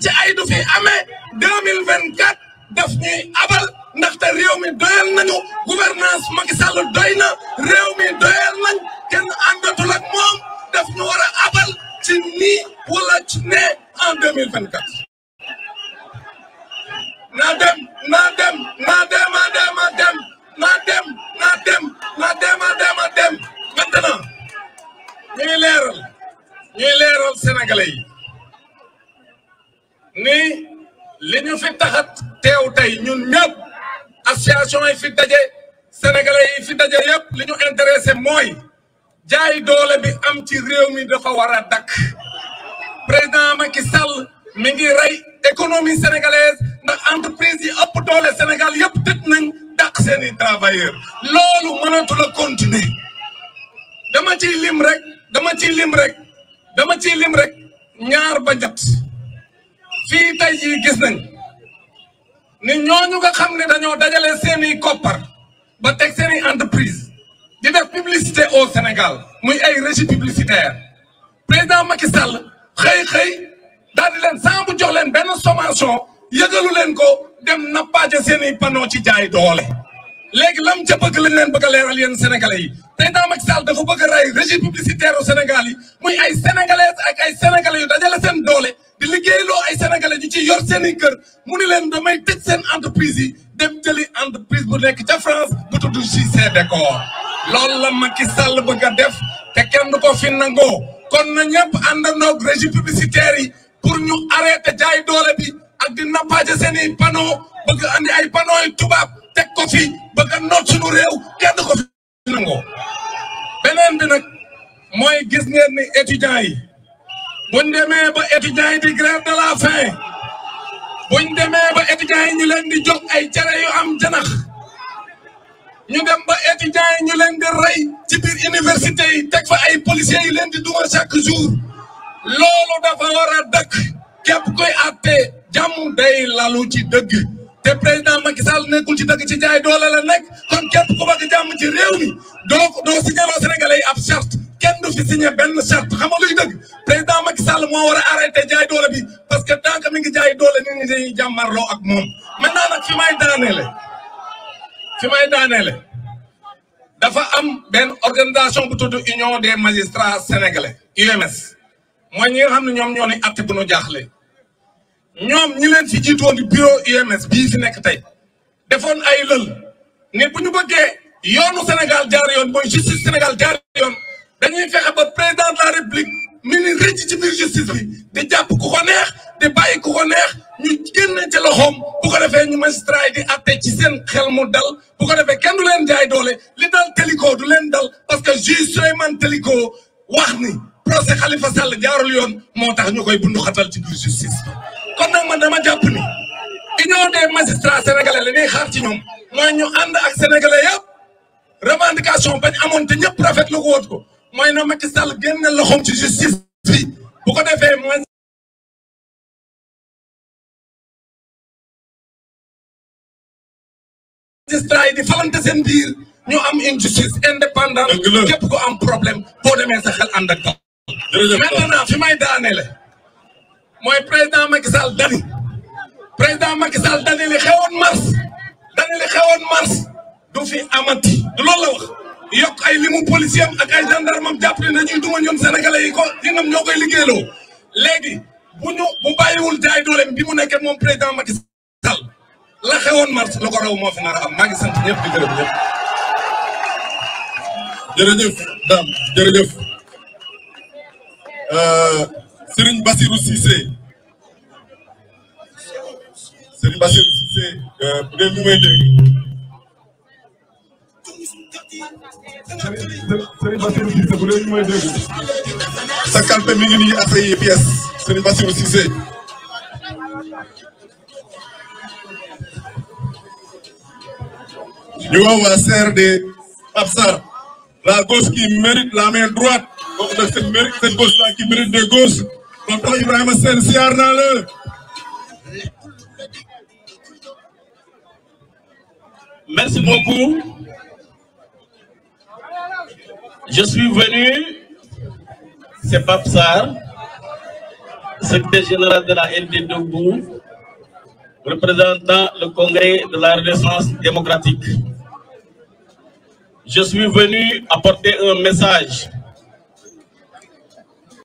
ci ay du fi amee deux mille vingt quatre daf ñuy abal ndaxte réew mi doyal nañu gouvernance Macky Sall doy na réew mi doyal nañ ni li ñu fi taxat teew tey ñun ñëpp association yi fi daje sénégalais yi fi daje yëpp li ñu intéressé mooy jaay doole bi am ci réew mi dafa war a dakk président Macky Sall mi ngi rey économie sénégalaise ndax entreprise yi ëpp doole Sénégal yëpp tëj nañ dàq seeni travailleur loolu mënatu la continuer dama ci lim rek dama ci lim rek dama ciy lim rek ñaar ba ñett fii tey jii gis nañ ni ñooñu nga xam ne dañoo dajale seeni koppar ba teg seeni entreprise di def publicité au Sénégal muy ay régie publicitaire président Macky Sall xëy xëy daal di leen sans bu jox leen benn sommation yëgalu leen ko dem nappaaje seeni panneau ci jaay doole. léegi lam ca bëgg lañ leen bëgg a leeral yéen sénégalais dafa bëgg a rey régie publicitaire au Sénégal yi muy ay sénégalais ay sénégalais. ci yor seen i kër mu ni leen damay tëj seen entreprise yi dem jëli entreprise bu nekk ca France bu tudd JC Décor loolu la Macky Sall bëgg ga def te kenn du ko fi nangoo kon na ñëpp àndandoo régie publicitaire yi pour ñu arrêté jaay doole bi ak di na nappaaje seen i panneau bëgg andi ay panneau tubaab teg ko fi bëgg a noot suñu réew kenn du ko fi nangoo beneen bi nag mooy gis ngeen ni étudiants yi buñ demee ba étudiants yi di grève la faim buñ demee ba étudiants yi ñu leen di jox ay cere yoo am janax ñu dem ba étudiants yi ñu leen di rey ci biir yi teg fa ay policiers yi leen di dugal chaque jour loolu dafa war a dëkk képp koy àtte jàmm day lalu ci dëgg te président Macky Sall nekkul ci dëgg ci jaay doole la nekk kon képp ku bëgg jàmm ci réew mi doo doo signaloo Sénégalais ab charte kenn du fi benn charte xam nga luy dëgg président Macky Sall moo war a arrêté jaay doole bi parce que tant que mi ngi jaay doole nit ñi dañuy jàmmarloo ak moom maintenant nag fi may daaneele fi may daaneele dafa am benn organisation bu tudd Union des magistrats sénégalais UMS mooy ñi nga xam ne ñoom ñoo ni atte bu nu jaaxle ñoom ñi leen fi jiitoon di bureau UMS bii fi nekk tey defoon ay lël ne bu ñu bëggee yoonu Sénégal jaar yoon mooy justice Sénégal jaar yoon dañuy fexe ba président la république mi ngi rëcc ci biir justice bi di jàpp ku ko neex di bàyyi ku ko neex ñu génn ci loxoom bu defee ñu magistrat yi di atte ci seen xel mu dal bu ko defee kenn du leen jaay doole li dal Téliko du leen dal parce que juge Souleymane Téliko wax ni procès Khalifa Sall jaarul yoon moo tax ñu koy bundu xatal ci biir justice bi kon nag man dama jàpp ni union des magistrats sénégalais la ñuy xaar ci ñoom mooy ñu ànd ak sénégalais yëpp revendication bañ amoon te ñëpp rafetlu ko woon ko mooy na Macky Sall génn loxoom ci justice bi ko defee mooy magistrat yi di falante seen biir ñu am une justice indépendante képp am problème boo demee sa xel ànd ak dal maintenant fi may daanele mooy président Macky Sall dani président Macky Sall dani mars dani li mars du fi amati du loolu yokk ay limu policier am ak ay gendarme am jàpp ne dañuy duma ñoom sénégalais yi ko li ngam ñoo koy liggéeyloo léegi bu ñu bu bàyyiwul jaay dooleem bi mu nekkee moom président Macky Sall la xewoon mars la ko raw moo fi nar a am maa ngi sant ñëpp di gërëm ñëpp. jërëjëf Dame jërëjëf euh, Serigne Bassirou Cissé Serigne Bassirou Cissé euh, Serigne Bassirou Cissé bu léegi mooy dégg. sa kalpe mi ngi nii après pièce Serigne Bassirou Cissé. ñu woo waa la gauche qui mérite la main droite donc nag cette mérite cette gauche là qui mérite des gauches tonton Ibrahima Sène Je suis venu, c'est Papsar, secrétaire général de la LD Debout, représentant le Congrès de la Renaissance démocratique. Je suis venu apporter un message